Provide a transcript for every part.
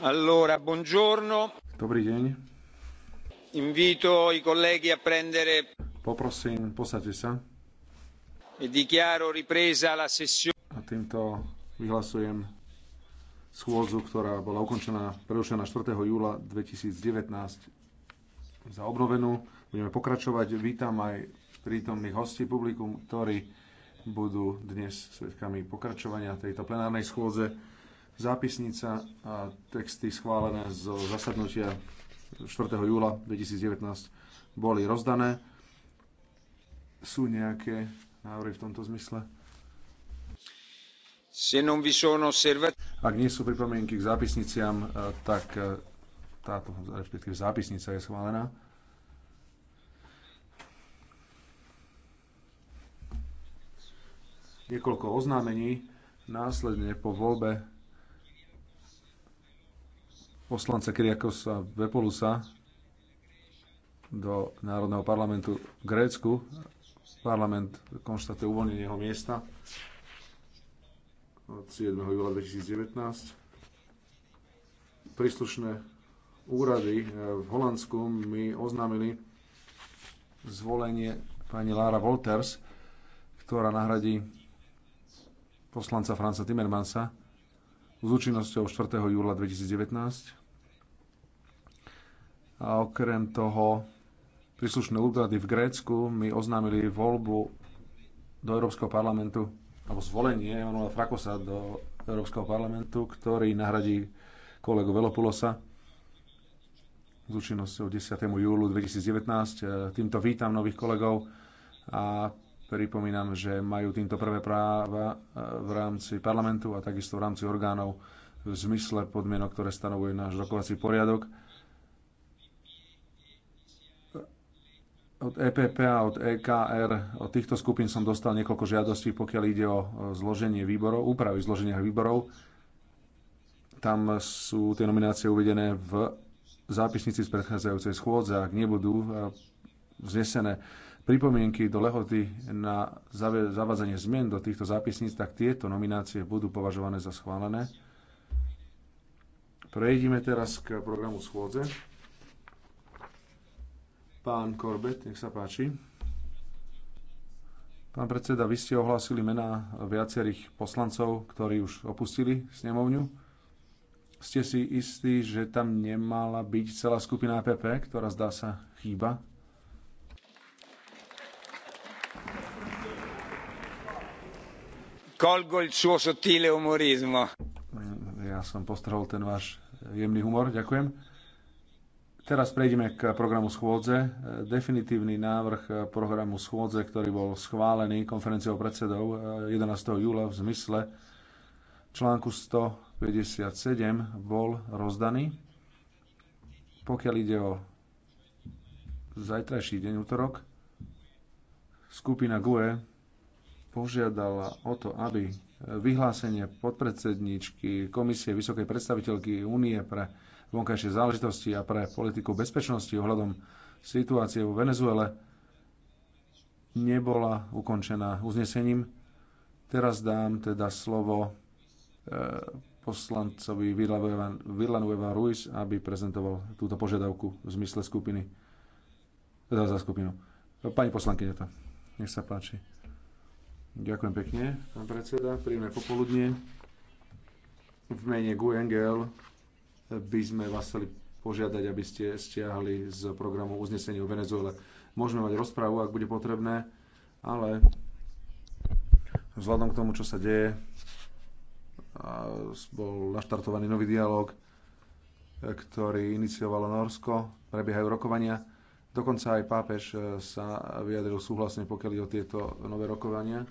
Dobrý deň. Poprosím, posaďte sa. E a týmto vyhlasujem schôdzu, ktorá bola ukončená, prerušená 4. júla 2019 za obnovenú. Budeme pokračovať. Vítam aj prítomných hostí publikum, ktorí budú dnes svetkami pokračovania tejto plenárnej schôdze. Zápisnica a texty schválené zo zasadnutia 4. júla 2019 boli rozdané. Sú nejaké návrhy v tomto zmysle? Ak nie sú pripomienky k zápisniciam, eh, tak eh, táto, respektíve zápisnica je schválená. Niekoľko oznámení následne po voľbe poslanca Kyriakosa Vepolusa do Národného parlamentu v Grécku. Parlament konštatuje uvoľnenie jeho miesta od 7. júla 2019. Príslušné úrady eh, v Holandsku mi oznámili zvolenie pani Lara Wolters, ktorá nahradí poslanca Franca Timmermansa s účinnosťou 4. júla 2019. A okrem toho príslušné úrady v Grécku mi oznámili voľbu do Európskeho parlamentu, alebo zvolenie Emanuela Frakosa do Európskeho parlamentu, ktorý nahradí kolegu Velopulosa s účinnosťou 10. júlu 2019. Týmto vítam nových kolegov a pripomínam, že majú týmto prvé práva v rámci parlamentu a takisto v rámci orgánov v zmysle podmienok, ktoré stanovuje náš rokovací poriadok. od EPP a od EKR, od týchto skupín som dostal niekoľko žiadostí, pokiaľ ide o zloženie výborov, úpravy zloženia výborov. Tam sú tie nominácie uvedené v zápisnici z predchádzajúcej schôdze. Ak nebudú e, vznesené pripomienky do lehoty na zavádzanie zmien do týchto zápisníc, tak tieto nominácie budú považované za schválené. Prejdime teraz k programu schôdze. Pán Korbet, nech sa páči. Pán predseda, vy ste ohlásili mená viacerých poslancov, ktorí už opustili snemovňu. Ste si istí, že tam nemala byť celá skupina APP, ktorá zdá sa chýba? Kolgo il suo sottile umorismo. Ja som postrhol ten váš jemný humor, ďakujem. Teraz prejdeme k programu schôdze. Definitívny návrh programu schôdze, ktorý bol schválený konferenciou predsedov 11. Eh, júla v zmysle článku 157 bol rozdaný. Pokiaľ ide o zajtrajší deň, útorok, skupina GUE požiadala o to, aby vyhlásenie podpredsedníčky Komisie Vysokej predstaviteľky Únie pre vonkajšie záležitosti a pre politiku bezpečnosti ohľadom situácie vo Venezuele nebola ukončená uznesením. Teraz dám teda slovo e, poslancovi Villanueva Ruiz, aby prezentoval túto požiadavku v zmysle skupiny, teda za skupinu. Pani poslankyňa to, nech sa páči. Ďakujem pekne, pán predseda. Príjemné popoludnie. V mene GUNGL by sme vás chceli požiadať, aby ste stiahli z programu uznesenie o Venezuele. Môžeme mať rozprávu, ak bude potrebné, ale vzhľadom k tomu, čo sa deje, bol naštartovaný nový dialog, ktorý iniciovalo Norsko, prebiehajú rokovania. Dokonca aj pápež e, sa vyjadril súhlasne, pokiaľ o tieto nové rokovania.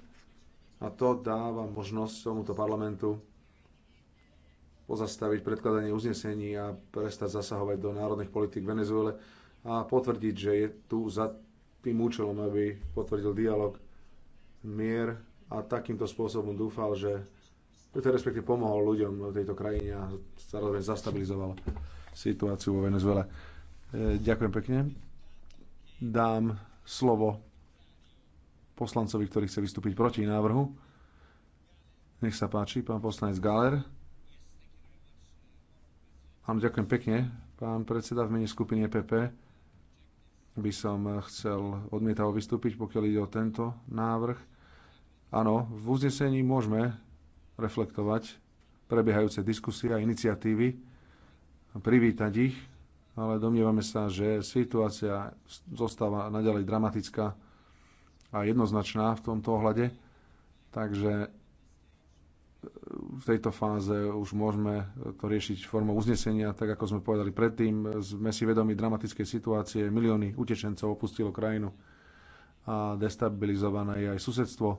A to dáva možnosť tomuto parlamentu pozastaviť predkladanie uznesení a prestať zasahovať do národných politik Venezuele a potvrdiť, že je tu za tým účelom, aby potvrdil dialog, mier a takýmto spôsobom dúfal, že to respektíve pomohol ľuďom v tejto krajine a zároveň zastabilizoval situáciu vo Venezuele. E, ďakujem pekne. Dám slovo poslancovi, ktorý chce vystúpiť proti návrhu. Nech sa páči, pán poslanec Galer. Vám ďakujem pekne, pán predseda, v mene skupiny EPP by som chcel odmietavo vystúpiť, pokiaľ ide o tento návrh. Áno, v uznesení môžeme reflektovať prebiehajúce diskusie a iniciatívy, privítať ich, ale domnievame sa, že situácia zostáva naďalej dramatická a jednoznačná v tomto ohľade. Takže v tejto fáze už môžeme to riešiť formou uznesenia, tak ako sme povedali predtým. Sme si vedomi dramatickej situácie, milióny utečencov opustilo krajinu a destabilizované je aj susedstvo.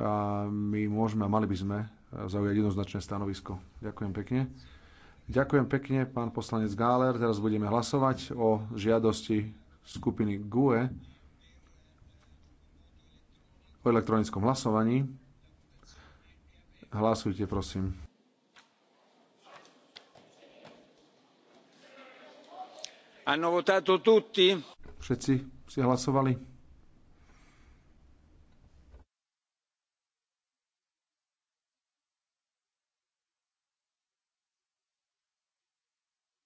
A my môžeme a mali by sme zaujať jednoznačné stanovisko. Ďakujem pekne. Ďakujem pekne, pán poslanec Gáler. Teraz budeme hlasovať o žiadosti skupiny GUE o elektronickom hlasovaní. Hlasujte, prosím. Hanno votato tutti? Všetci si hlasovali?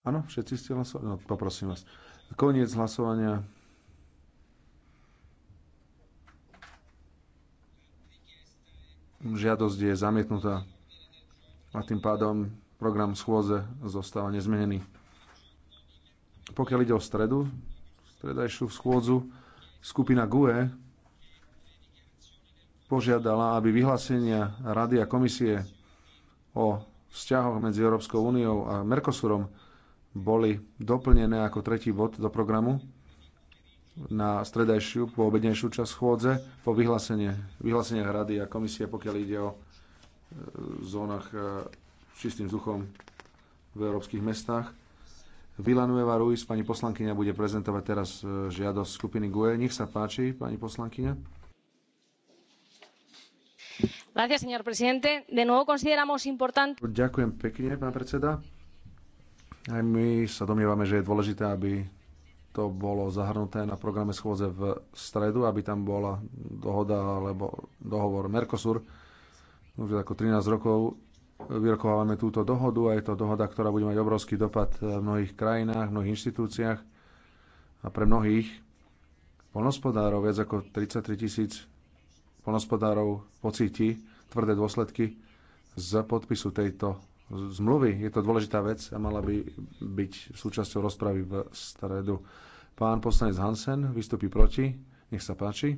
Áno, všetci ste hlasovali? No, poprosím vás. Koniec hlasovania. Žiadosť je zamietnutá a tým pádom program schôze zostáva nezmenený. Pokiaľ ide o stredu, stredajšiu schôdzu, skupina GUE požiadala, aby vyhlásenia Rady a komisie o vzťahoch medzi Európskou úniou a Mercosurom boli doplnené ako tretí bod do programu na stredajšiu, po obednejšiu časť chôdze, po vyhlásenie, vyhlásenie rady a komisie, pokiaľ ide o e, zónach e, s čistým vzduchom v európskych mestách. Vilanueva Ruiz, pani poslankyňa, bude prezentovať teraz e, žiadosť skupiny GUE. Nech sa páči, pani poslankyňa. Gracias, señor presidente. De nuevo consideramos importante... Ďakujem pekne, pán predseda. Aj my sa domnievame, že je dôležité, aby to bolo zahrnuté na programe schôdze v stredu, aby tam bola dohoda alebo dohovor Mercosur. Už ako 13 rokov vyrokovávame túto dohodu a je to dohoda, ktorá bude mať obrovský dopad v mnohých krajinách, v mnohých inštitúciách a pre mnohých polnospodárov, viac ako 33 tisíc polnospodárov pocíti tvrdé dôsledky z podpisu tejto zmluvy. Je to dôležitá vec a mala by byť súčasťou rozpravy v stredu. Pán poslanec Hansen vystupí proti. Nech sa páči.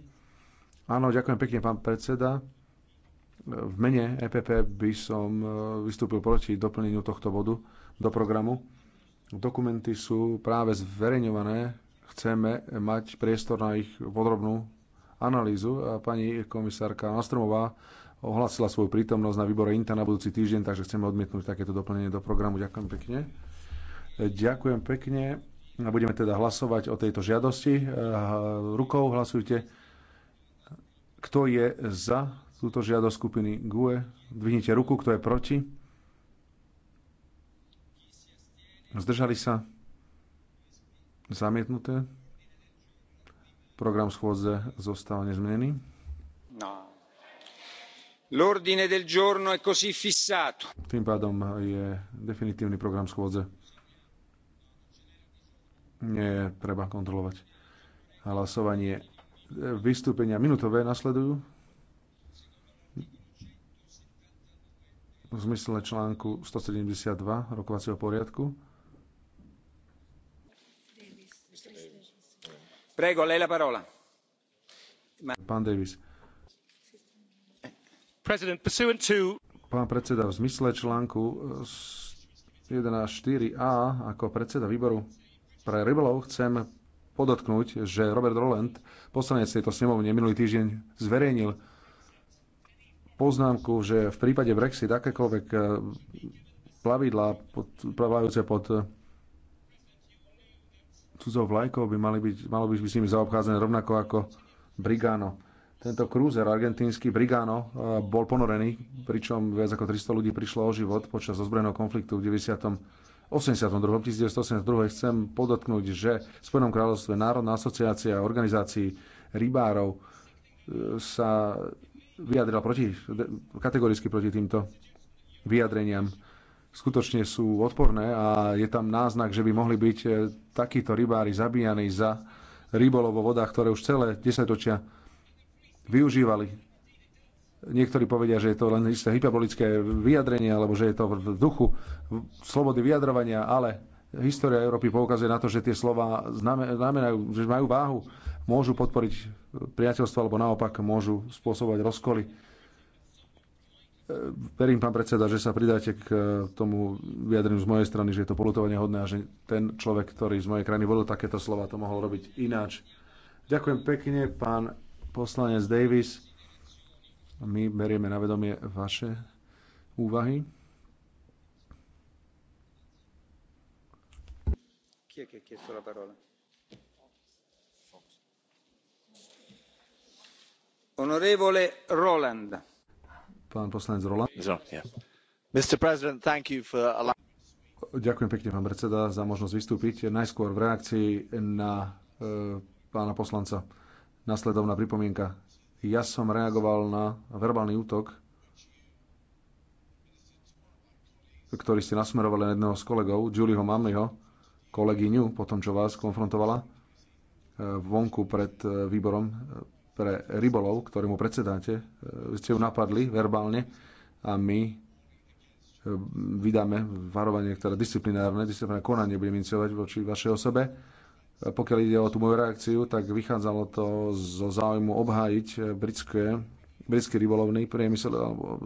Áno, ďakujem pekne, pán predseda. V mene EPP by som e, vystúpil proti doplneniu tohto bodu do programu. Dokumenty sú práve zverejňované. Chceme mať priestor na ich podrobnú analýzu. A pani komisárka Nastromová ohlasila svoju prítomnosť na výbore INTA na budúci týždeň, takže chceme odmietnúť takéto doplnenie do programu. Ďakujem pekne. E, ďakujem pekne. Budeme teda hlasovať o tejto žiadosti. E, rukou hlasujte. Kto je za túto žiadosť skupiny GUE? Dvihnite ruku, kto je proti? Zdržali sa? Zamietnuté? Program schôdze zostal nezmenený? No l'ordine del giorno è così fissato. Tým pádom je definitívny program schôdze. Nie je treba kontrolovať. Hlasovanie e, vystúpenia minutové nasledujú. V zmysle článku 172 rokovacieho poriadku. Prego, lei la parola. Pán Davis Pán predseda, v zmysle článku 11.4a eh, ako predseda výboru pre rybolov chcem podotknúť, že Robert Roland, poslanec tejto snemovne, minulý týždeň zverejnil poznámku, že v prípade Brexit akékoľvek eh, plavidlá pod, plavajúce pod eh, cudzou vlajkou by mali byť, malo byť s nimi zaobchádzané rovnako ako Brigano tento krúzer argentínsky Brigano e, bol ponorený, pričom viac ako 300 ľudí prišlo o život počas ozbrojeného konfliktu v 90. 82. 1982 chcem podotknúť, že v Spojenom kráľovstve Národná asociácia organizácií rybárov e, sa vyjadrila proti, kategoricky proti týmto vyjadreniam. Skutočne sú odporné a je tam náznak, že by mohli byť e, takíto rybári zabíjani za rybolov vo vodách, ktoré už celé desaťročia využívali Niektorí povedia, že je to len isté hyperbolické vyjadrenie, alebo že je to v duchu slobody vyjadrovania, ale história Európy poukazuje na to, že tie slova znamenajú, že majú váhu, môžu podporiť priateľstvo, alebo naopak môžu spôsobovať rozkoly. Verím, pán predseda, že sa pridáte k tomu vyjadreniu z mojej strany, že je to polutovanie hodné a že ten človek, ktorý z mojej krajiny volil takéto slova, to mohol robiť ináč. Ďakujem pekne, pán Poslanec Davis, my berieme na vedomie vaše úvahy. Honorevole Roland. Pán poslanec Roland. Mr. President, thank you for allowing... Ďakujem pekne, pán predseda, za možnosť vystúpiť. Najskôr v reakcii na e, pána poslanca Nasledovná pripomienka. Ja som reagoval na verbálny útok, ktorý ste nasmerovali na jedného z kolegov, Julieho Mamliho, kolegyňu, po tom, čo vás konfrontovala e, vonku pred e, výborom e, pre rybolov, ktorému predsedáte. Vy ste ju napadli verbálne a my vydáme varovanie, ktoré disciplinárne, disciplinárne konanie budeme iniciovať voči vašej osobe pokiaľ ide o tú moju reakciu, tak vychádzalo to zo záujmu obhájiť britské, britský rybolovný priemysel alebo e,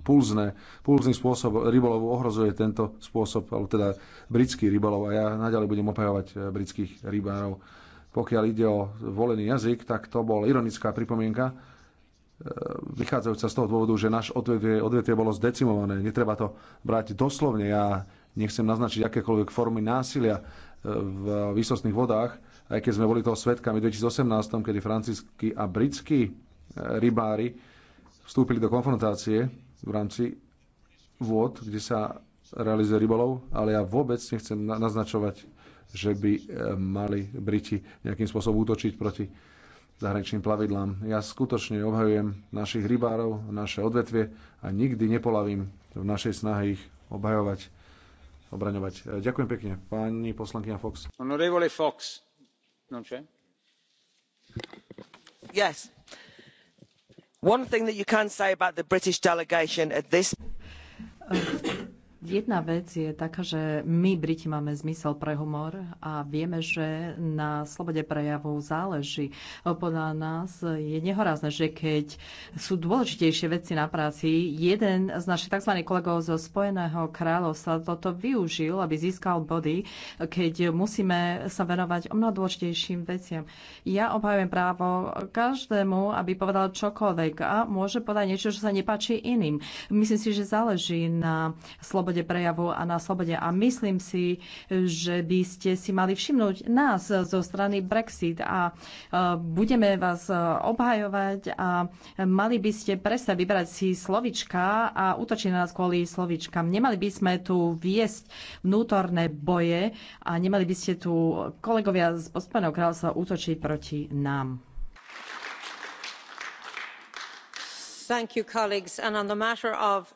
pulzné, pulzný spôsob rybolovu ohrozuje tento spôsob, alebo teda britský rybolov a ja naďalej budem obhajovať e, britských rybárov. Pokiaľ ide o volený jazyk, tak to bol ironická pripomienka, e, vychádzajúca z toho dôvodu, že náš odvetvie, odvetvie bolo zdecimované. Netreba to brať doslovne. Ja nechcem naznačiť akékoľvek formy násilia v výsostných vodách, aj keď sme boli toho svetkami v 2018, kedy francúzskí a britskí e, rybári vstúpili do konfrontácie v rámci vôd, kde sa realizuje rybolov, ale ja vôbec nechcem naznačovať, že by e, mali Briti nejakým spôsobom útočiť proti zahraničným plavidlám. Ja skutočne obhajujem našich rybárov, naše odvetvie a nikdy nepolavím v našej snahe ich obhajovať obraňovať. E, ďakujem pekne. Pani poslankyňa Fox. Honorevole Fox. Non c'è? Yes. One thing that you can say about the British delegation at this uh, Jedna vec je taká, že my Briti máme zmysel pre humor a vieme, že na slobode prejavu záleží. Podľa nás je nehorázne, že keď sú dôležitejšie veci na práci, jeden z našich tzv. kolegov zo Spojeného kráľovstva toto využil, aby získal body, keď musíme sa venovať o mnoho dôležitejším veciam. Ja obhajujem právo každému, aby povedal čokoľvek a môže povedať niečo, čo sa nepáči iným. Myslím si, že záleží na slobode slobode prejavu a na slobode. A myslím si, že by ste si mali všimnúť nás zo strany Brexit a e, budeme vás e, obhajovať a mali by ste presne vybrať si slovička a útočiť na nás kvôli slovičkám. Nemali by sme tu viesť vnútorné boje a nemali by ste tu kolegovia z Spojeného kráľstva útočiť proti nám. You, of...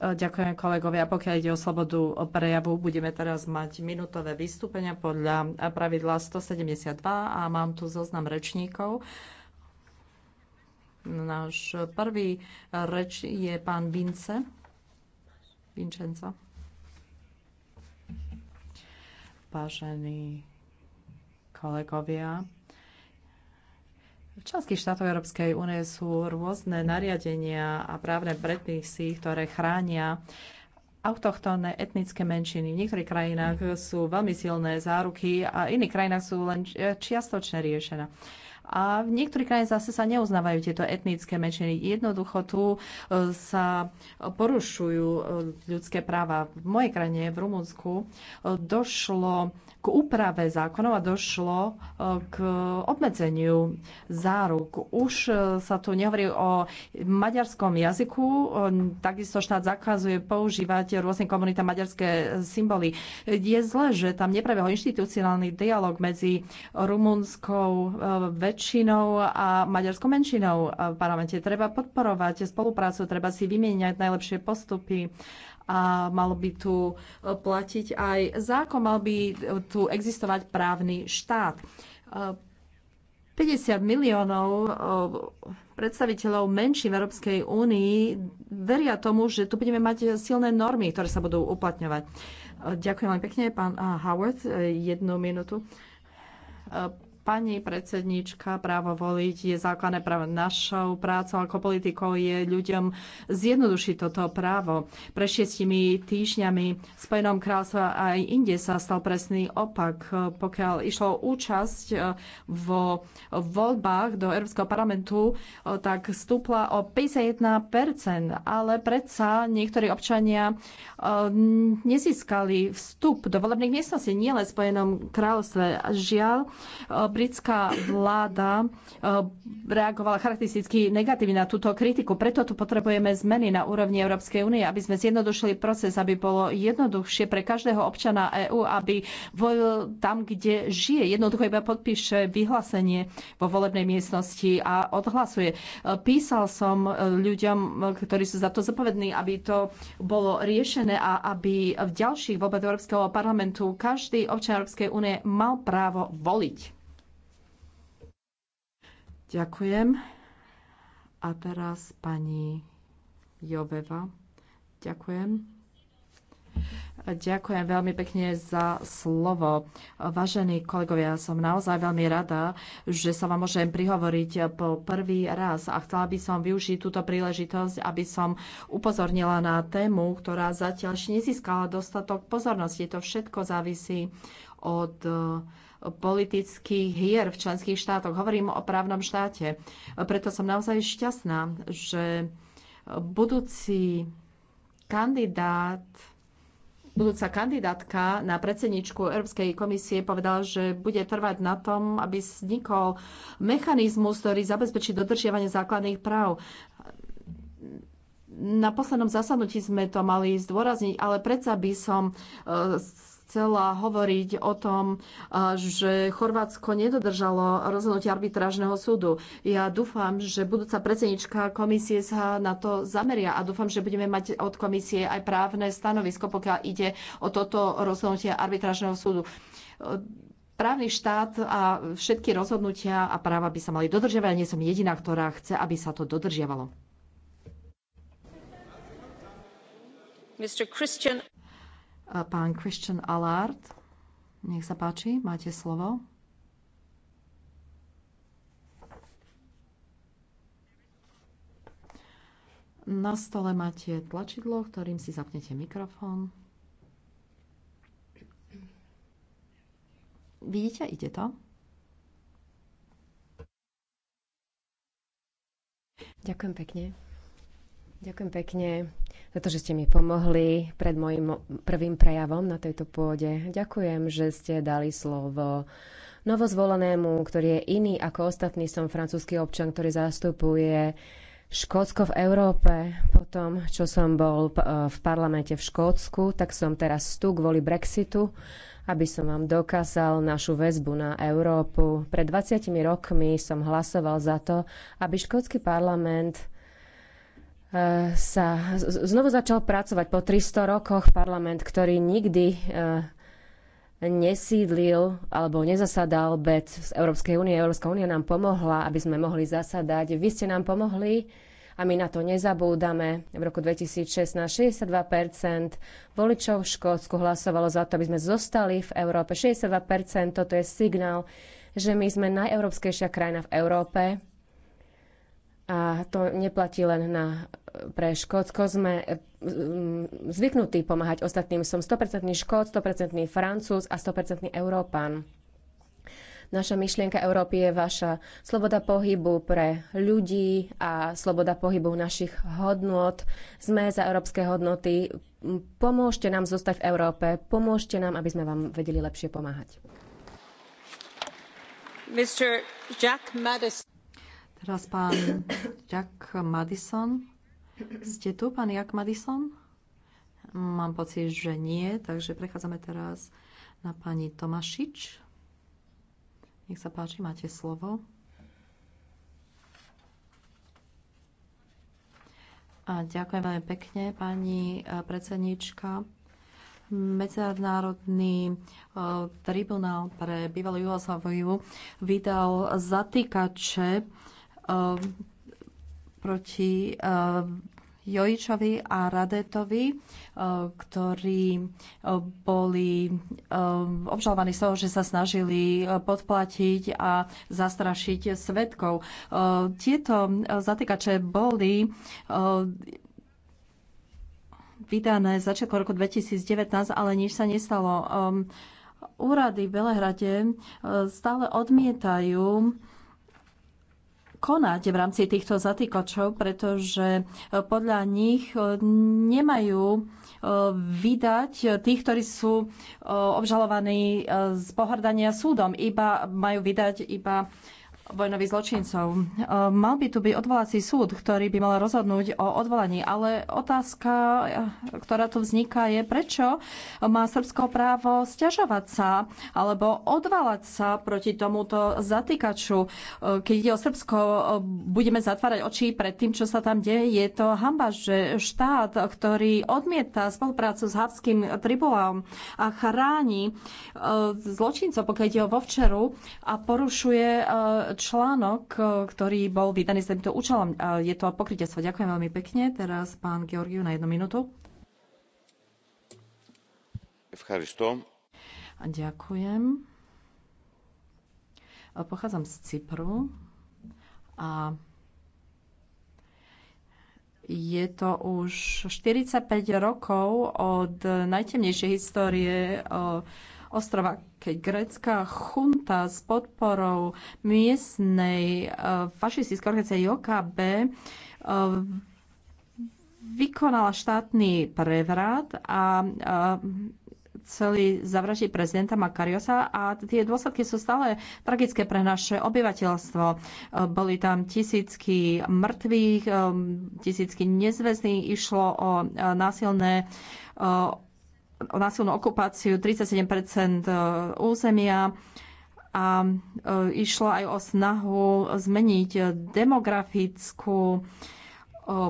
Eh, ďakujem kolegovia. Pokiaľ ide o slobodu prejavu, budeme teraz mať minútové vystúpenia podľa pravidla 172 a mám tu zoznam rečníkov. Náš prvý reč je pán Vince. Vincenzo. Vážení kolegovia, v členských štátoch Európskej únie sú rôzne nariadenia a právne predpisy, ktoré chránia autochtónne etnické menšiny. V niektorých krajinách sú veľmi silné záruky a v iných krajinách sú len čiastočne riešené. A v niektorých krajinách zase sa neuznávajú tieto etnické menšiny. Jednoducho tu e, sa porušujú e, ľudské práva. V mojej krajine, v Rumunsku, e, došlo k úprave zákonov a došlo e, k obmedzeniu záruk. Už e, sa tu nehovorí o maďarskom jazyku, e, takisto štát zakazuje používať rôzne komunitám maďarské symboly. Je zle, že tam neprebehol inštitucionálny dialog medzi rumunskou väčšinou a maďarskou menšinou v parlamente. Treba podporovať spoluprácu, treba si vymieňať najlepšie postupy a mal by tu e, platiť aj zákon, mal by e, tu existovať právny štát. 50 e, miliónov predstaviteľov menší v Európskej únii veria tomu, že tu budeme mať silné normy, ktoré sa budú uplatňovať. Ďakujem veľmi pekne, pán Howard. Jednu minútu. Pani predsednička, právo voliť je základné právo. Našou prácou ako politikov je ľuďom zjednodušiť toto právo. Pre šiestimi týždňami v Spojenom kráľstve aj inde sa stal presný opak. Pokiaľ išlo účasť eh, vo voľbách do Európskeho parlamentu, eh, tak stúpla o 51%, ale predsa niektorí občania eh, nezískali vstup do volebných miestností, nielen v Spojenom kráľstve. Žiaľ, britská vláda eh, reagovala charakteristicky negatívne na túto kritiku. Preto tu potrebujeme zmeny na úrovni Európskej únie, aby sme zjednodušili proces, aby bolo jednoduchšie pre každého občana EÚ, aby volil tam, kde žije. Jednoducho iba podpíše vyhlásenie vo volebnej miestnosti a odhlasuje. Eh, písal som eh, ľuďom, ktorí sú za to zodpovední, aby to bolo riešené a aby v ďalších voľbách Európskeho parlamentu každý občan Európskej únie mal právo voliť. Ďakujem. A teraz pani Joveva. Ďakujem. Ďakujem veľmi pekne za slovo. Vážení kolegovia, som naozaj veľmi rada, že sa vám môžem prihovoriť po prvý raz a chcela by som využiť túto príležitosť, aby som upozornila na tému, ktorá zatiaľ nezískala dostatok pozornosti. To všetko závisí od politických hier v členských štátoch. Hovorím o právnom štáte. Preto som naozaj šťastná, že budúci kandidát budúca kandidátka na predsedničku Európskej komisie povedala, že bude trvať na tom, aby vznikol mechanizmus, ktorý zabezpečí dodržiavanie základných práv. Na poslednom zasadnutí sme to mali zdôrazniť, ale predsa by som eh, chcela hovoriť o tom, eh, že Chorvátsko nedodržalo rozhodnutie arbitrážneho súdu. Ja dúfam, že budúca predsednička komisie sa na to zameria a dúfam, že budeme mať od komisie aj právne stanovisko, pokiaľ ide o toto rozhodnutie arbitrážneho súdu. Eh, právny štát a všetky rozhodnutia a práva by sa mali dodržiavať. nie som jediná, ktorá chce, aby sa to dodržiavalo. Mr. Christian pán Christian Allard. Nech sa páči, máte slovo. Na stole máte tlačidlo, ktorým si zapnete mikrofón. Vidíte, ide to? Ďakujem pekne. Ďakujem pekne za to, že ste mi pomohli pred mojim prvým prejavom na tejto pôde. Ďakujem, že ste dali slovo novozvolenému, ktorý je iný ako ostatný. Som francúzsky občan, ktorý zastupuje Škótsko v Európe. Po tom, čo som bol eh, v parlamente v Škótsku, tak som teraz tu kvôli Brexitu, aby som vám dokázal našu väzbu na Európu. Pred 20 rokmi som hlasoval za to, aby škótsky parlament E, sa znovu začal pracovať po 300 rokoch parlament, ktorý nikdy e, nesídlil alebo nezasadal bez z Európskej únie. Európska únia nám pomohla, aby sme mohli zasadať. Vy ste nám pomohli a my na to nezabúdame. V roku 2016 62% voličov v Škótsku hlasovalo za to, aby sme zostali v Európe. 62% toto je signál, že my sme najeurópskejšia krajina v Európe a to neplatí len na, pre Škótsko. Sme e, zvyknutí pomáhať ostatným. Som 100% Škót, 100% Francúz a 100% Európan. Naša myšlienka Európy je vaša sloboda pohybu pre ľudí a sloboda pohybu našich hodnot. Sme za európske hodnoty. Pomôžte nám zostať v Európe. Pomôžte nám, aby sme vám vedeli lepšie pomáhať. Mr. Jack Madison. Teraz pán Jack Madison. Ste tu, pán Jack Madison? Mám pocit, že nie, takže prechádzame teraz na pani Tomašič. Nech sa páči, máte slovo. A ďakujem veľmi pekne, pani e, predsednička. Medzinárodný e, tribunál pre bývalú Jugosláviu vydal zatýkače Um, proti um, Jojičovi a Radetovi, um, ktorí boli obžalovaní z toho, že sa snažili uh, podplatiť a zastrašiť svetkov. Tieto zatýkače boli vydané začiatkom roku 2019, ale nič sa nestalo. Úrady v Belehrade uh, stále odmietajú konať v rámci týchto zatýkačov, pretože e, podľa nich e, nemajú e, vydať tých, ktorí sú obžalovaní z pohrdania súdom. Iba majú vydať iba vojnových zločincov. Ehm, mal by tu byť odvolací súd, ktorý by mal rozhodnúť o odvolaní, ale otázka, eh, ktorá tu vzniká, je, prečo má Srbsko právo stiažovať sa alebo odvalať sa proti tomuto zatýkaču. Ehm, keď ide o Srbsko, eh, budeme zatvárať oči pred tým, čo sa tam deje. Je to hamba, že štát, ktorý odmieta spoluprácu s Havským tribunálom a chráni eh, zločincov, pokiaľ ide o vovčeru a porušuje článok, e, ktorý bol vydaný s týmto účelom. E, je to pokrytectvo. Ďakujem veľmi pekne. Teraz pán Georgiu na jednu minútu. Ďakujem. E, pochádzam z Cypru a je to už 45 rokov od najtemnejšej histórie o ostrova. Keď grécka chunta s podporou miestnej e, fašistické organizácie JKB e, vykonala štátny prevrat a chceli e, zavraždiť prezidenta Makariosa a tie dôsledky sú stále tragické pre naše obyvateľstvo. Boli tam tisícky mŕtvych, tisícky nezväzných, išlo o násilné násilnú okupáciu 37 e, územia a e, išlo aj o snahu zmeniť demografickú e,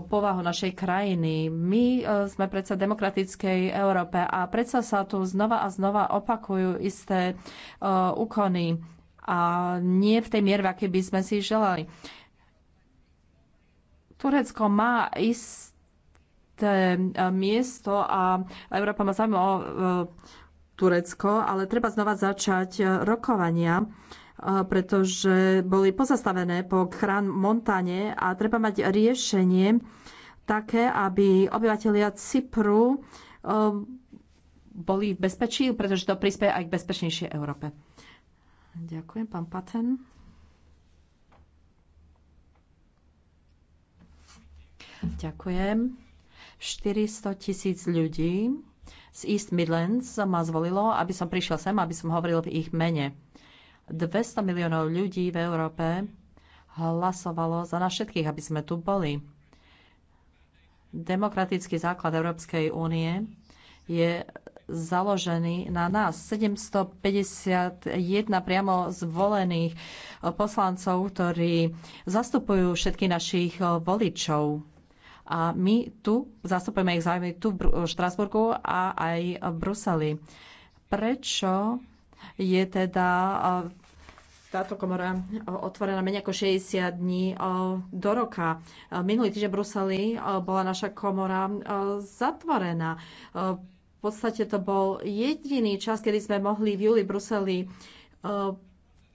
povahu našej krajiny. My sme predsa demokratickej Európe a predsa sa tu znova a znova opakujú isté úkony a nie v tej miere, aké by sme si želali. Turecko má isté dôležité e, miesto a Európa má záujem o e, Turecko, ale treba znova začať e, rokovania pretože boli pozastavené po chrán Montane a treba mať riešenie také, aby obyvateľia Cypru boli v bezpečí, pretože to prispieje aj k bezpečnejšej Európe. Ďakujem, pán Paten. Ďakujem. 400 tisíc ľudí z East Midlands ma zvolilo, aby som prišiel sem, aby som hovoril v ich mene. 200 miliónov ľudí v Európe hlasovalo za nás všetkých, aby sme tu boli. Demokratický základ Európskej únie je založený na nás. 751 priamo zvolených poslancov, ktorí zastupujú všetkých našich voličov. A my tu zastupujeme ich zájmy tu v Štrasburgu a aj v Bruseli. Prečo je teda e, táto komora e, otvorená menej ako 60 dní e, do roka. Minulý týždeň v Bruseli bola naša komora zatvorená. V podstate to bol jediný čas, kedy sme mohli v júli v Bruseli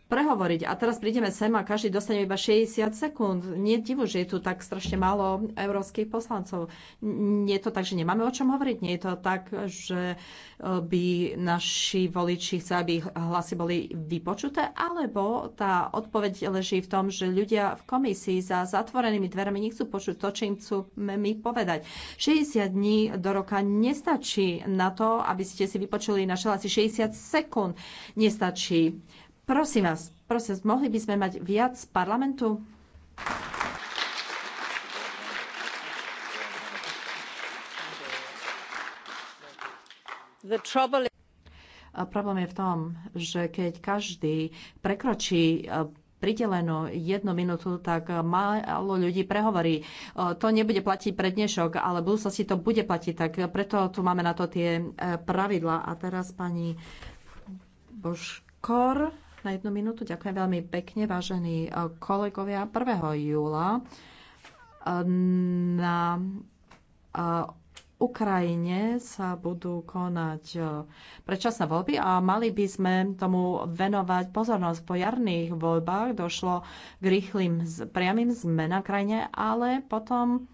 prehovoriť. A teraz prídeme sem a každý dostane iba 60 sekúnd. Nie divu, že je tu tak strašne málo európskych poslancov. Nie je to tak, že nemáme o čom hovoriť. Nie je to tak, že e, by naši voliči chceli, aby ich hlasy boli vypočuté, alebo tá odpoveď leží v tom, že ľudia v komisii za zatvorenými dverami nechcú počuť to, čo im my povedať. 60 dní do roka nestačí na to, aby ste si vypočuli naše hlasy. 60 sekúnd nestačí Prosím vás, prosím vás, mohli by sme mať viac parlamentu? Trouble... Problém je v tom, že keď každý prekročí pridelenú jednu minútu, tak málo ľudí prehovorí. To nebude platiť pre dnešok, ale v budúcnosti to bude platiť, tak preto tu máme na to tie e, pravidla. A teraz pani Božkor na jednu minútu. Ďakujem veľmi pekne, vážení e, kolegovia. 1. júla e, na e, Ukrajine sa budú konať predčasné voľby a mali by sme tomu venovať pozornosť. Po jarných voľbách došlo k rýchlým priamým zmenám krajine, ale potom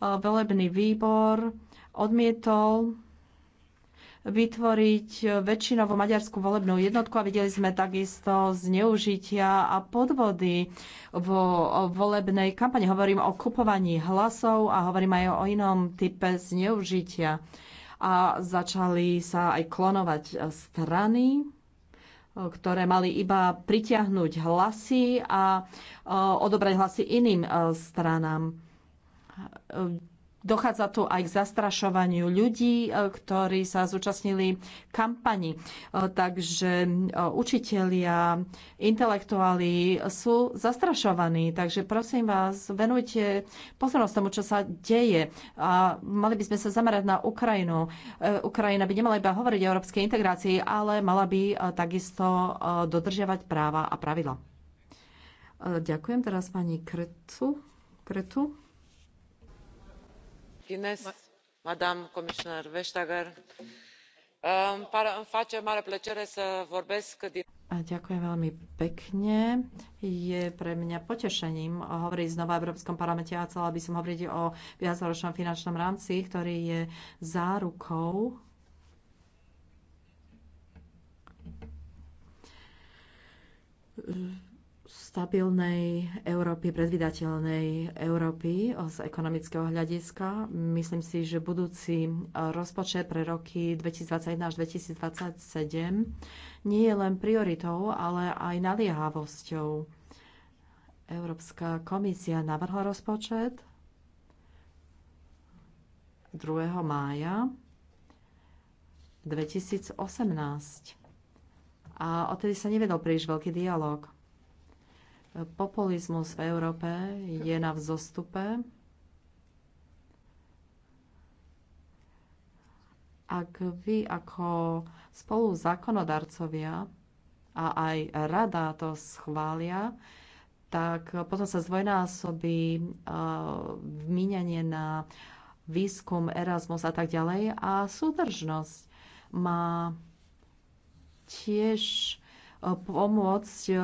volebný výbor odmietol vytvoriť väčšinovo maďarskú volebnú jednotku a videli sme takisto zneužitia a podvody vo volebnej kampani. Hovorím o kupovaní hlasov a hovorím aj o inom type zneužitia. A začali sa aj klonovať strany, ktoré mali iba pritiahnuť hlasy a odobrať hlasy iným e, stranám Dochádza tu aj k zastrašovaniu ľudí, e, ktorí sa zúčastnili kampani. E, takže e, učitelia, intelektuáli sú zastrašovaní. Takže prosím vás, venujte pozornosť tomu, čo sa deje. A mali by sme sa zamerať na Ukrajinu. Ukrajina by nemala iba hovoriť o európskej integrácii, ale mala by takisto dodržiavať práva a pravidla. Ďakujem teraz pani Kretu. Kretu îmi face mare plăcere să vorbesc din. Ďakujem veľmi pekne. Je pre mňa potešením hovoriť znova v Európskom parlamente a chcela by som hovoriť o viacročnom finančnom rámci, ktorý je zárukou stabilnej Európy, predvydateľnej Európy z ekonomického hľadiska. Myslím si, že budúci rozpočet pre roky 2021 až 2027 nie je len prioritou, ale aj naliehavosťou. Európska komisia navrhla rozpočet 2. mája 2018 a odtedy sa nevedol príliš veľký dialog. Populizmus v Európe je na vzostupe. Ak vy ako spolu zákonodarcovia a aj rada to schvália, tak potom sa zdvojnásobí e, vmínenie na výskum, Erasmus a tak ďalej. A súdržnosť má tiež pomôcť e,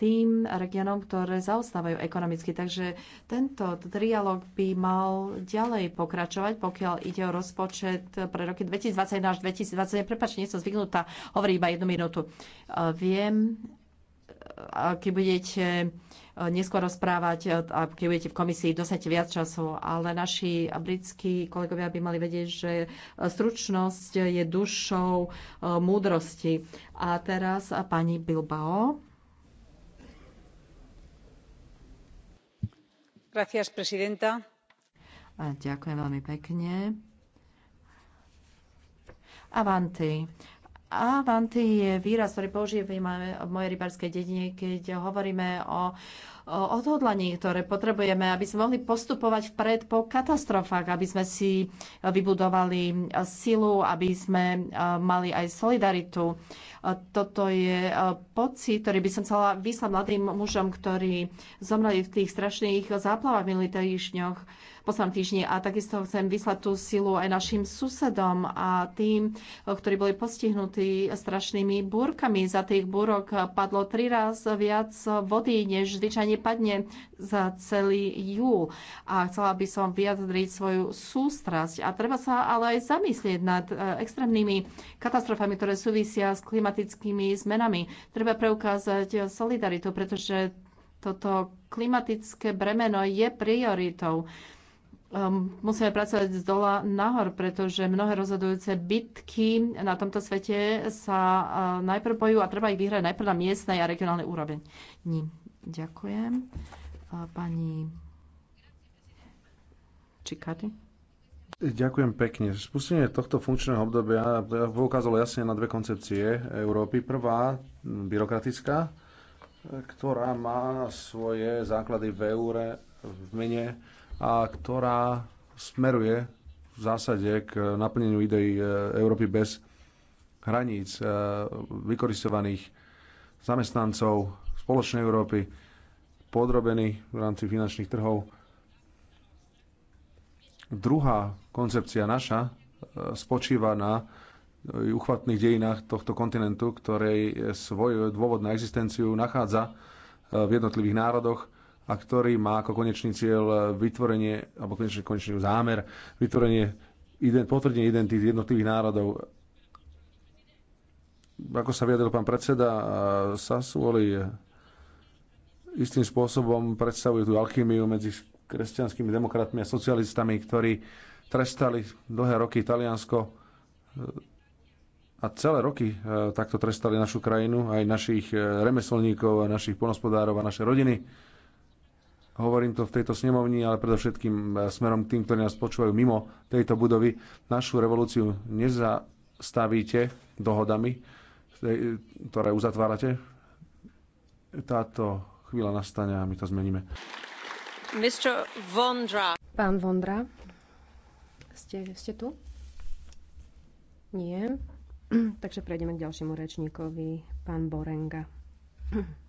tým regionom, ktoré zaostávajú ekonomicky. Takže tento trialog by mal ďalej pokračovať, pokiaľ ide o rozpočet pre roky 2021 až 2021. Prepačte, nie som zvyknutá, hovorí iba jednu minútu. E, viem, keď budete eh, neskôr rozprávať eh, a keď budete v komisii, dostanete viac času, ale naši britskí kolegovia by mali vedieť, že eh, stručnosť je dušou múdrosti. A teraz pani Bilbao. Gracias, presidenta. A ďakujem veľmi pekne. Avanti. Avanti je výraz, ktorý používame v mojej rybárskej dedine, keď hovoríme o, odhodlaní, ktoré potrebujeme, aby sme mohli postupovať vpred po katastrofách, aby sme si vybudovali silu, aby sme eh, mali aj solidaritu toto je pocit, ktorý by som chcela vyslať mladým mužom, ktorí zomreli v tých strašných záplavách minulých týždňoch, poslednom týždni. A takisto chcem vyslať tú silu aj našim susedom a tým, ktorí boli postihnutí strašnými búrkami. Za tých búrok padlo tri raz viac vody, než zvyčajne padne za celý júl. A chcela by som vyjadriť svoju sústrasť. A treba sa ale aj zamyslieť nad e, extrémnymi katastrofami, ktoré súvisia s klimatickým klimatickými zmenami. Treba preukázať solidaritu, pretože toto klimatické bremeno je prioritou. Um, musíme pracovať z dola nahor, pretože mnohé rozhodujúce bitky na tomto svete sa uh, najprv bojujú a treba ich vyhrať najprv na miestnej a regionálnej úrovni. Ďakujem. Uh, pani Čikady. Ďakujem pekne. Spustenie tohto funkčného obdobia poukázalo jasne na dve koncepcie Európy. Prvá, byrokratická, ktorá má svoje základy v eure, v mene a ktorá smeruje v zásade k naplneniu idei e, Európy bez hraníc, e, vykoristovaných zamestnancov spoločnej Európy, podrobených v rámci finančných trhov Druhá koncepcia naša e, spočíva na e, uchvatných dejinách tohto kontinentu, ktorej svoju dôvod na existenciu nachádza e, v jednotlivých národoch a ktorý má ako konečný cieľ vytvorenie, alebo konečný, konečný zámer, vytvorenie, potvrdenie identity jednotlivých národov. Ako sa vyjadril pán predseda Sassuoli, istým spôsobom predstavuje tú alchýmiu medzi kresťanskými demokratmi a socialistami, ktorí trestali dlhé roky Taliansko e, a celé roky e, takto trestali našu krajinu, aj našich e, remeselníkov, a našich ponospodárov a naše rodiny. Hovorím to v tejto snemovni, ale predovšetkým smerom k tým, ktorí nás počúvajú mimo tejto budovy. Našu revolúciu nezastavíte dohodami, ktoré uzatvárate. Táto chvíľa nastane a my to zmeníme. Pán Vondra, ste, ste tu? Nie. Takže prejdeme k ďalšiemu rečníkovi, pán Borenga.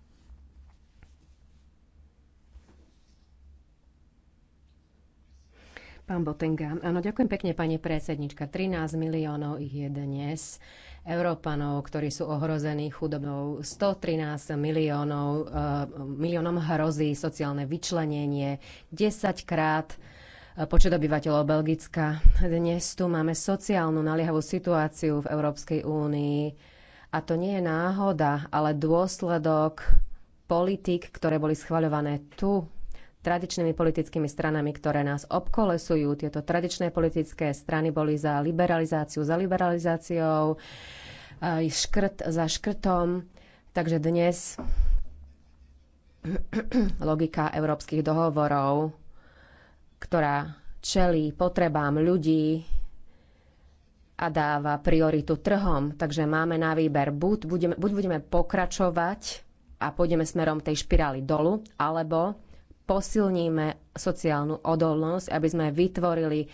Pán Botenga, áno, ďakujem pekne, pani predsednička. 13 miliónov ich je dnes. Európanov, ktorí sú ohrození chudobou. 113 miliónov, eh, miliónom hrozí sociálne vyčlenenie. 10 krát eh, počet obyvateľov Belgicka. Dnes tu máme sociálnu naliehavú situáciu v Európskej únii. A to nie je náhoda, ale dôsledok politik, ktoré boli schvaľované tu tradičnými politickými stranami, ktoré nás obkolesujú. Tieto tradičné politické strany boli za liberalizáciu za liberalizáciou, škrt za škrtom. Takže dnes logika európskych dohovorov, ktorá čelí potrebám ľudí a dáva prioritu trhom. Takže máme na výber, buď budeme, buď budeme pokračovať a pôjdeme smerom tej špirály dolu, alebo posilníme sociálnu odolnosť, aby sme vytvorili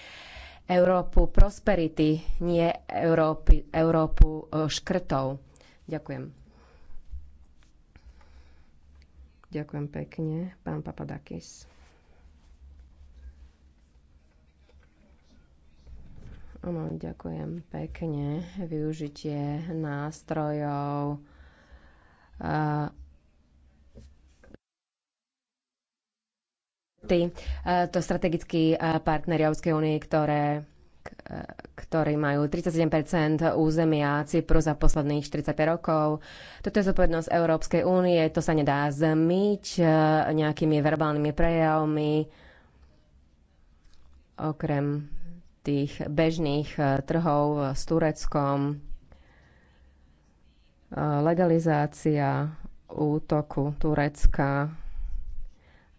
Európu prosperity, nie Európy, Európu e, škrtov. Ďakujem. Ďakujem pekne, pán Papadakis. Ano, ďakujem pekne. Využitie nástrojov E, to strategickí e, partner Európskej únie, ktoré e, ktorí majú 37 územia Cypru za posledných 45 rokov. Toto je zodpovednosť Európskej únie, to sa nedá zmyť nejakými verbálnymi prejavmi, okrem tých bežných trhov s Tureckom, legalizácia útoku Turecka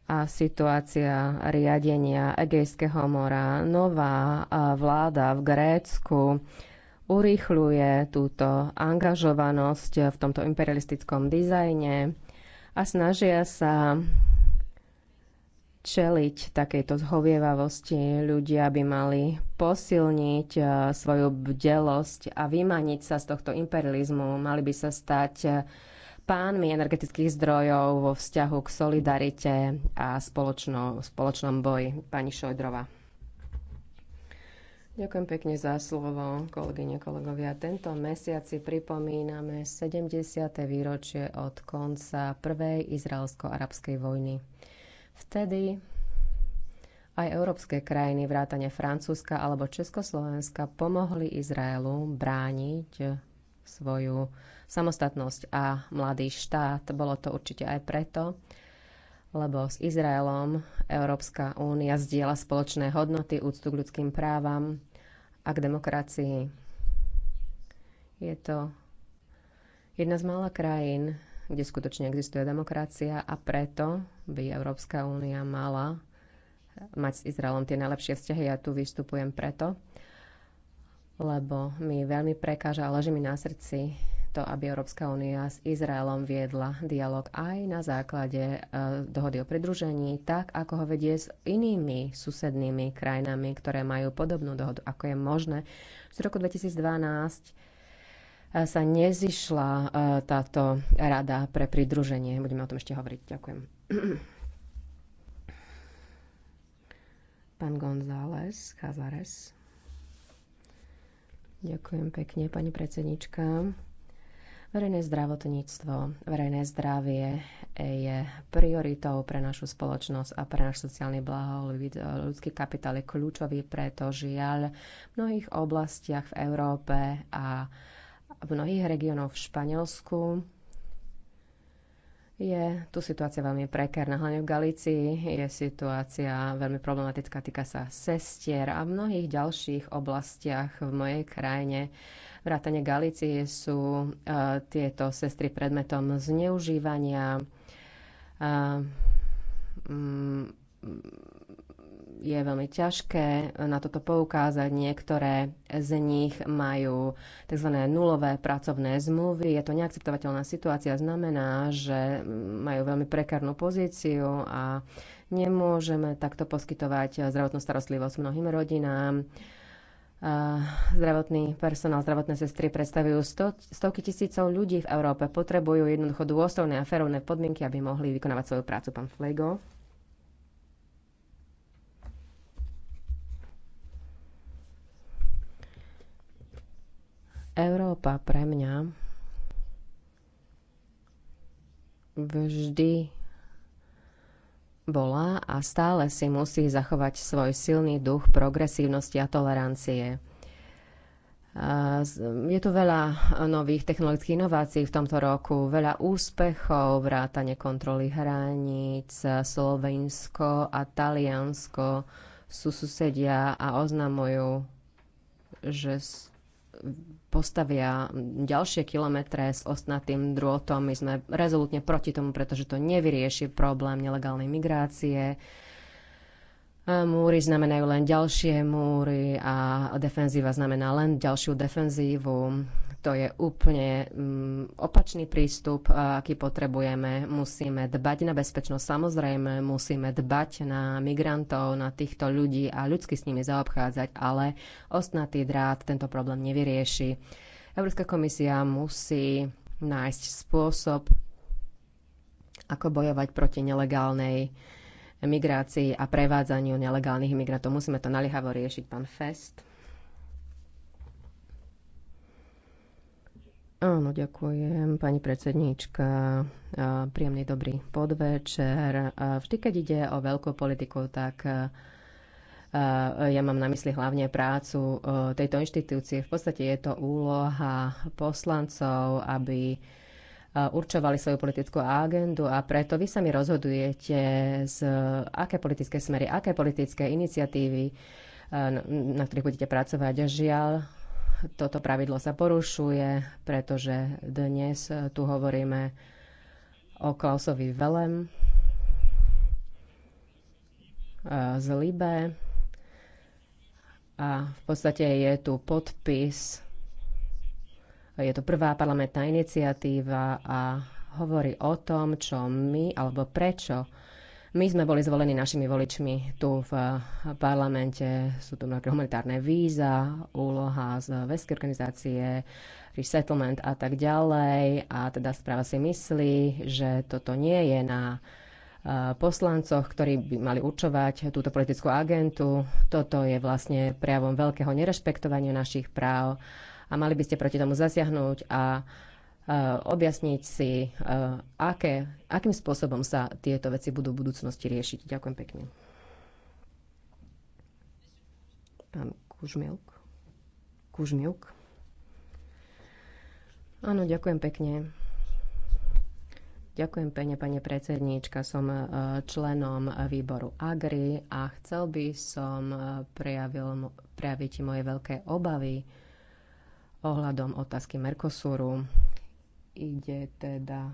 a situácia riadenia Egejského mora. Nová vláda v Grécku urýchľuje túto angažovanosť v tomto imperialistickom dizajne a snažia sa čeliť takejto zhovievavosti. Ľudia by mali posilniť svoju bdelosť a vymaniť sa z tohto imperializmu. Mali by sa stať pánmi energetických zdrojov vo vzťahu k solidarite a spoločno, spoločnom boji. Pani Šojdrova. Ďakujem pekne za slovo, kolegyne, kolegovia. Tento mesiac si pripomíname 70. výročie od konca prvej izraelsko-arabskej vojny. Vtedy aj európske krajiny, vrátane Francúzska alebo Československa, pomohli Izraelu brániť svoju samostatnosť a mladý štát. Bolo to určite aj preto, lebo s Izraelom Európska únia zdieľa spoločné hodnoty, úctu k ľudským právam a k demokracii. Je to jedna z mála krajín, kde skutočne existuje demokracia a preto by Európska únia mala mať s Izraelom tie najlepšie vzťahy. Ja tu vystupujem preto, lebo mi veľmi prekáža a leží mi na srdci to, aby Európska únia s Izraelom viedla dialog aj na základe e, dohody o pridružení, tak ako ho vedie s inými susednými krajinami, ktoré majú podobnú dohodu, ako je možné. Z roku 2012 e, sa nezišla e, táto rada pre pridruženie. Budeme o tom ešte hovoriť. Ďakujem. Pán González, Cázares. Ďakujem pekne, pani predsednička. Verejné zdravotníctvo, verejné zdravie je prioritou pre našu spoločnosť a pre náš sociálny blahobyt. Ľudský kapitál je kľúčový, preto žiaľ v mnohých oblastiach v Európe a v mnohých regiónoch v Španielsku je tu situácia veľmi prekárna. Hlavne v Galícii je situácia veľmi problematická, týka sa sestier a v mnohých ďalších oblastiach v mojej krajine. Vrátane Galície sú e, tieto sestry predmetom zneužívania. E, mm, je veľmi ťažké na toto poukázať. Niektoré z nich majú tzv. nulové pracovné zmluvy. Je to neakceptovateľná situácia. Znamená, že majú veľmi prekárnu pozíciu a nemôžeme takto poskytovať zdravotnú starostlivosť mnohým rodinám. Zdravotný personál, zdravotné sestry predstavujú sto, stovky tisícov ľudí v Európe. Potrebujú jednoducho dôstojné a férovné podmienky, aby mohli vykonávať svoju prácu. Pán Flego. Európa pre mňa vždy bola a stále si musí zachovať svoj silný duch progresívnosti a tolerancie. Je tu veľa nových technologických inovácií v tomto roku, veľa úspechov, vrátane kontroly hraníc, Slovensko a Taliansko sú susedia a oznamujú, že postavia ďalšie kilometre s ostnatým drôtom. My sme rezolutne proti tomu, pretože to nevyrieši problém nelegálnej migrácie. Múry znamenajú len ďalšie múry a defenzíva znamená len ďalšiu defenzívu. To je úplne mm, opačný prístup, aký potrebujeme. Musíme dbať na bezpečnosť, samozrejme, musíme dbať na migrantov, na týchto ľudí a ľudsky s nimi zaobchádzať, ale ostnatý drát tento problém nevyrieši. Európska komisia musí nájsť spôsob, ako bojovať proti nelegálnej migrácii a prevádzaniu nelegálnych imigrantov. Musíme to naliehavo riešiť, pán Fest. Áno, ďakujem, pani predsedníčka. Príjemný dobrý podvečer. Vždy, keď ide o veľkú politiku, tak ja mám na mysli hlavne prácu tejto inštitúcie. V podstate je to úloha poslancov, aby určovali svoju politickú agendu a preto vy sami rozhodujete, z aké politické smery, aké politické iniciatívy, na ktorých budete pracovať. Žiaľ, toto pravidlo sa porušuje, pretože dnes tu hovoríme o Klausovi Velem e, z Libe a v podstate je tu podpis, je to prvá parlamentná iniciatíva a hovorí o tom, čo my alebo prečo my sme boli zvolení našimi voličmi tu v eh, parlamente. Sú tu mnohé humanitárne víza, úloha z veskej organizácie, resettlement a tak ďalej. A teda správa si myslí, že toto nie je na eh, poslancoch, ktorí by mali určovať túto politickú agentu. Toto je vlastne prejavom veľkého nerešpektovania našich práv a mali by ste proti tomu zasiahnuť a Eh, objasniť si, eh, aké, akým spôsobom sa tieto veci budú v budúcnosti riešiť. Ďakujem pekne. Pán Kužmiuk. Kužmiuk. Áno, ďakujem pekne. Ďakujem pekne, pani predsedníčka. Som eh, členom výboru AGRI a chcel by som prejavil, prejaviť moje veľké obavy ohľadom otázky Mercosuru ide teda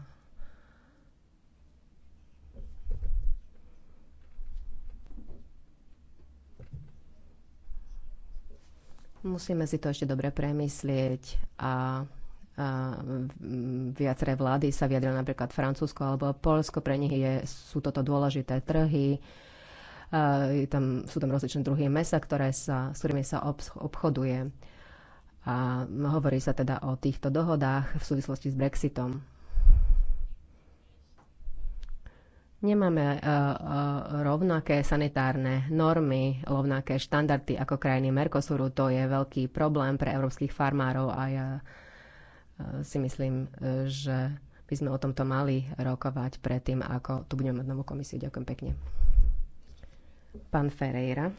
Musíme si to ešte dobre premyslieť a, a viaceré vlády sa vyjadrili napríklad Francúzsko alebo Polsko, pre nich je, sú toto dôležité trhy. A, tam, sú tam rozličné druhy mesa, ktoré sa, s ktorými sa obchoduje. A hovorí sa teda o týchto dohodách v súvislosti s Brexitom. Nemáme e, e, rovnaké sanitárne normy, rovnaké štandardy ako krajiny Mercosuru. To je veľký problém pre európskych farmárov a ja e, si myslím, že by sme o tomto mali rokovať predtým, ako tu budeme mať novú komisiu. Ďakujem pekne. Pán Ferreira.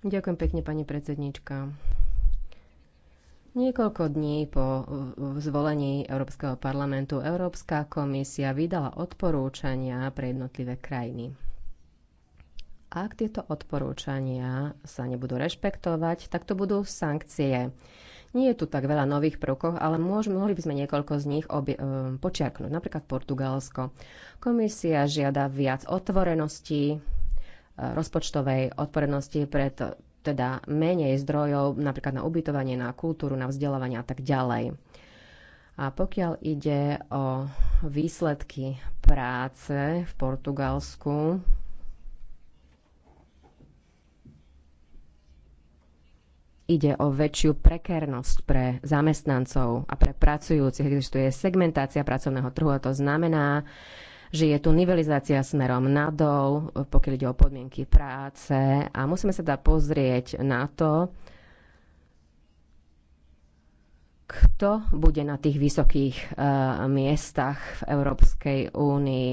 Ďakujem pekne, pani predsednička. Niekoľko dní po uh, zvolení Európskeho parlamentu Európska komisia vydala odporúčania pre jednotlivé krajiny. Ak tieto odporúčania sa nebudú rešpektovať, tak to budú sankcie. Nie je tu tak veľa nových prvkov, ale môžeme, mohli by sme niekoľko z nich obie, uh, počiaknúť. napríklad Portugalsko. Komisia žiada viac otvorenosti, rozpočtovej odporednosti, pred teda menej zdrojov napríklad na ubytovanie, na kultúru, na vzdelávanie a tak ďalej. A pokiaľ ide o výsledky práce v Portugalsku, ide o väčšiu prekernosť pre zamestnancov a pre pracujúcich. Existuje segmentácia pracovného trhu a to znamená, že je tu nivelizácia smerom nadol, pokiaľ ide o podmienky práce a musíme sa teda pozrieť na to, kto bude na tých vysokých uh, miestach v Európskej únii.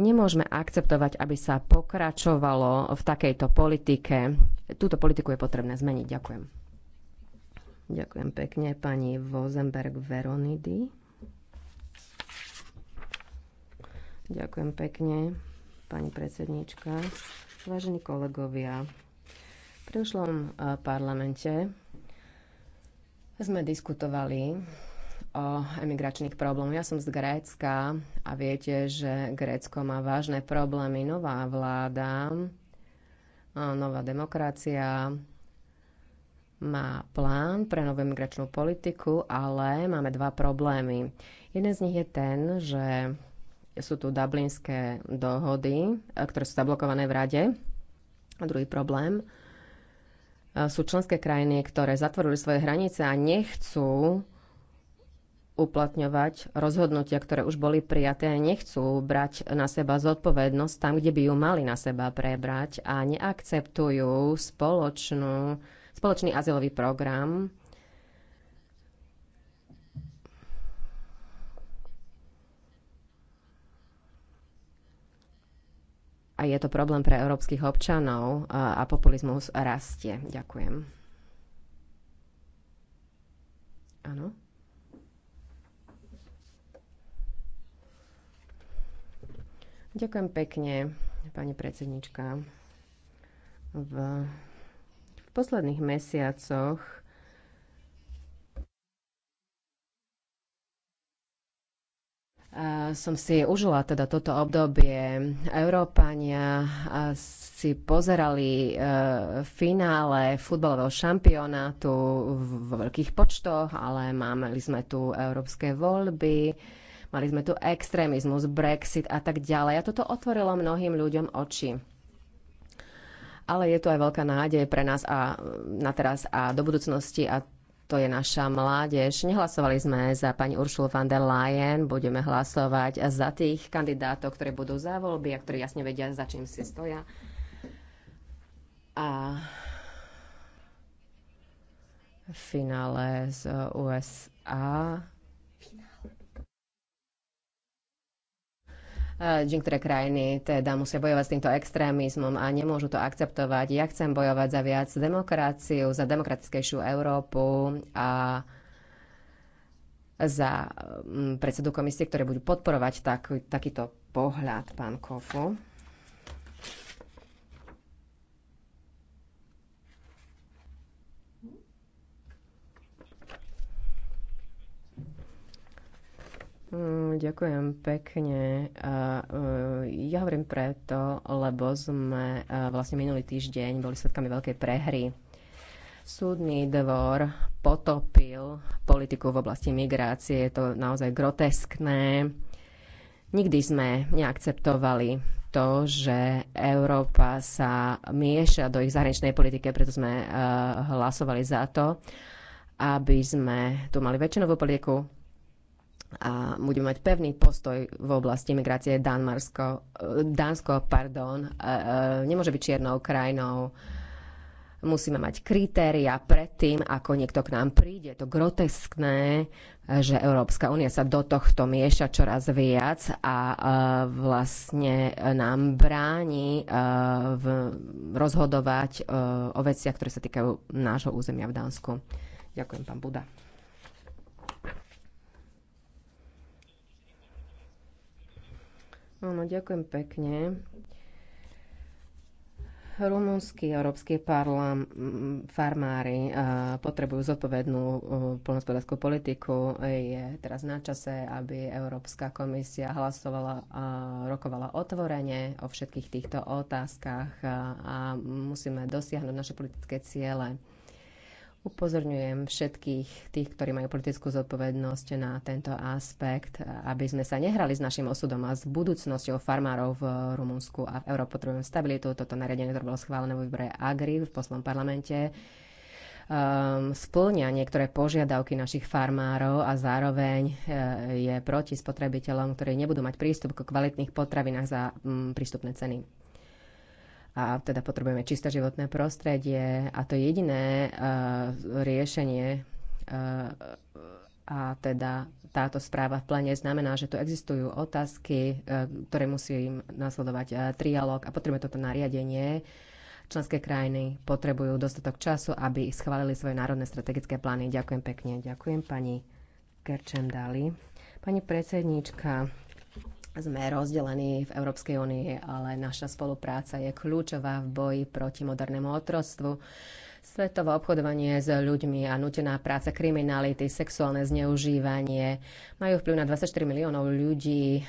Nemôžeme akceptovať, aby sa pokračovalo v takejto politike. Túto politiku je potrebné zmeniť. Ďakujem. Ďakujem pekne pani Vozenberg Veronidy. Ďakujem pekne, pani predsedníčka. Vážení kolegovia, v prešlom e, parlamente sme diskutovali o emigračných problémoch. Ja som z Grécka a viete, že Grécko má vážne problémy. Nová vláda, nová demokracia, má plán pre novú emigračnú politiku, ale máme dva problémy. Jeden z nich je ten, že sú tu dublinské dohody, e, ktoré sú zablokované v rade. A druhý problém e, sú členské krajiny, ktoré zatvorili svoje hranice a nechcú uplatňovať rozhodnutia, ktoré už boli prijaté a nechcú brať na seba zodpovednosť tam, kde by ju mali na seba prebrať a neakceptujú spoločnú, spoločný azylový program, a je to problém pre európskych občanov a populizmus rastie. Ďakujem. Áno. Ďakujem pekne, pani predsednička. V, v posledných mesiacoch Eh, som si užila teda toto obdobie. Európania eh, si pozerali eh, finále futbalového šampionátu v veľkých počtoch, ale máme, sme tu európske voľby, mali sme tu extrémizmus, Brexit a tak ďalej. A toto otvorilo mnohým ľuďom oči ale je tu aj veľká nádej pre nás a na teraz a do budúcnosti a to je naša mládež. Nehlasovali sme za pani Uršulu van der Leyen, budeme hlasovať za tých kandidátov, ktorí budú za voľby a ktorí jasne vedia, za čím si stoja. A v finále z USA E, niektoré krajiny teda musia bojovať s týmto extrémizmom a nemôžu to akceptovať. Ja chcem bojovať za viac demokraciu, za demokratickejšiu Európu a za mm, predsedu komisie, ktoré budú podporovať tak, takýto pohľad, pán Kofu. Mm, ďakujem pekne. E, ja hovorím preto, lebo sme e, vlastne minulý týždeň boli svetkami veľkej prehry. Súdny dvor potopil politiku v oblasti migrácie. Je to naozaj groteskné. Nikdy sme neakceptovali to, že Európa sa mieša do ich zahraničnej politiky, preto sme e, hlasovali za to, aby sme tu mali väčšinovú politiku a budeme mať pevný postoj v oblasti migrácie Danmarsko, Dánsko pardon, e, e, nemôže byť čiernou krajinou. Musíme mať kritéria pred tým, ako niekto k nám príde. Je to groteskné, že Európska únia sa do tohto mieša čoraz viac a e, vlastne nám bráni v rozhodovať o veciach, ktoré sa týkajú nášho územia v Dánsku. Ďakujem, pán Buda. Áno, ďakujem pekne. Rumunskí európsky parlam, farmári eh, potrebujú zodpovednú eh, poľnospodárskú politiku. Je teraz na čase, aby Európska komisia hlasovala a rokovala otvorene o všetkých týchto otázkach eh, a musíme dosiahnuť naše politické ciele. Upozorňujem všetkých tých, ktorí majú politickú zodpovednosť na tento aspekt, aby sme sa nehrali s našim osudom a s budúcnosťou farmárov v Rumunsku a v Európe. Potrebujeme stabilitu. Toto nariadenie, ktoré bolo schválené vo výbore Agri v poslom parlamente, um, splňa niektoré požiadavky našich farmárov a zároveň uh, je proti spotrebiteľom, ktorí nebudú mať prístup k kvalitných potravinách za um, prístupné ceny a teda potrebujeme čisté životné prostredie a to jediné eh, riešenie eh, a teda táto správa v plene znamená, že tu existujú otázky, eh, ktoré musí im nasledovať trialog a potrebujeme toto nariadenie. Členské krajiny potrebujú dostatok času, aby ich schválili svoje národné strategické plány. Ďakujem pekne. Ďakujem pani Kerčendali. Pani predsedníčka, sme rozdelení v Európskej únii, ale naša spolupráca je kľúčová v boji proti modernému otrostvu. Svetové obchodovanie s ľuďmi a nutená práca, kriminality, sexuálne zneužívanie majú vplyv na 24 miliónov ľudí. E,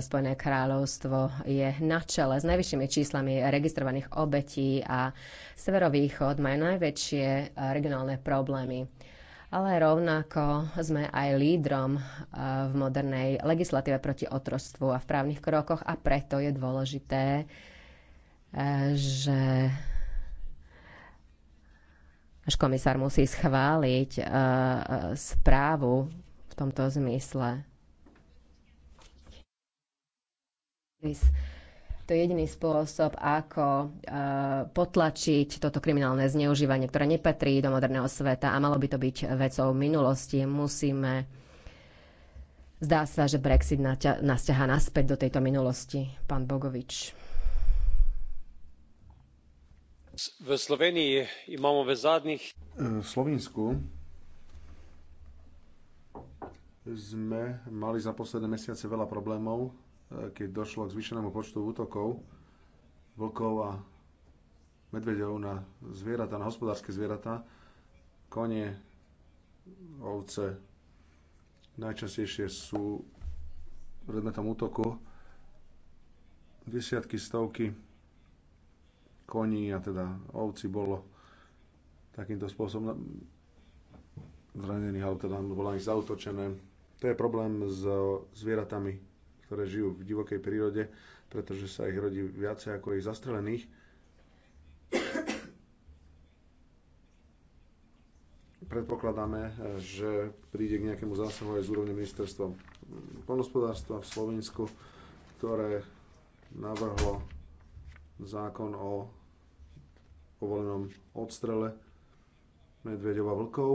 Spojené kráľovstvo je na čele s najvyššími číslami registrovaných obetí a severovýchod majú najväčšie e, regionálne problémy ale rovnako sme aj lídrom eh, v modernej legislatíve proti otrostvu a v právnych krokoch a preto je dôležité, eh, že až komisár musí schváliť eh, správu v tomto zmysle. To je jediný spôsob, ako e, potlačiť toto kriminálne zneužívanie, ktoré nepatrí do moderného sveta a malo by to byť vecou minulosti. Musíme Zdá sa, že Brexit nás ťahá naspäť do tejto minulosti, pán Bogovič. V Slovenii imamo ve zadných... E, v Slovensku sme mali za posledné mesiace veľa problémov keď došlo k zvýšenému počtu útokov vlkov a medvedov na zvieratá, na hospodárske zvieratá, kone, ovce najčastejšie sú predmetom útoku desiatky, stovky koní a teda ovci bolo takýmto spôsobom zranených, alebo teda bola ich zautočené. To je problém s zvieratami ktoré žijú v divokej prírode, pretože sa ich rodí viacej ako ich zastrelených. Predpokladáme, že príde k nejakému zásahu aj z úrovne ministerstva poľnospodárstva v Slovensku, ktoré navrhlo zákon o povolenom odstrele medveďov a vlkov.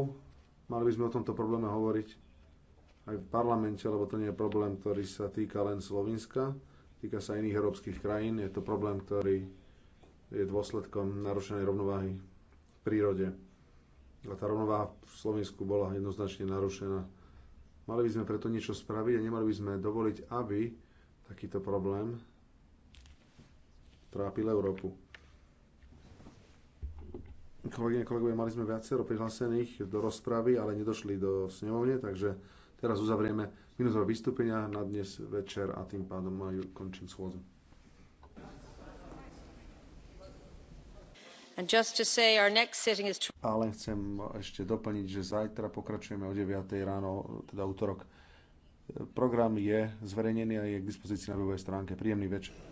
Mali by sme o tomto probléme hovoriť aj v parlamente, lebo to nie je problém, ktorý sa týka len Slovenska, týka sa iných európskych krajín. Je to problém, ktorý je dôsledkom narušenej rovnováhy v prírode. A tá rovnováha v Slovensku bola jednoznačne narušená. Mali by sme preto niečo spraviť a nemali by sme dovoliť, aby takýto problém trápil Európu. Kolegyne, kolegovia, mali sme viacero prihlásených do rozpravy, ale nedošli do snemovne, takže Teraz uzavrieme minútové vystúpenia na dnes večer a tým pádom aj končím schôdzu. Ale chcem ešte doplniť, že zajtra pokračujeme o 9. ráno, teda útorok. Program je zverejnený a je k dispozícii na webovej stránke. Príjemný večer.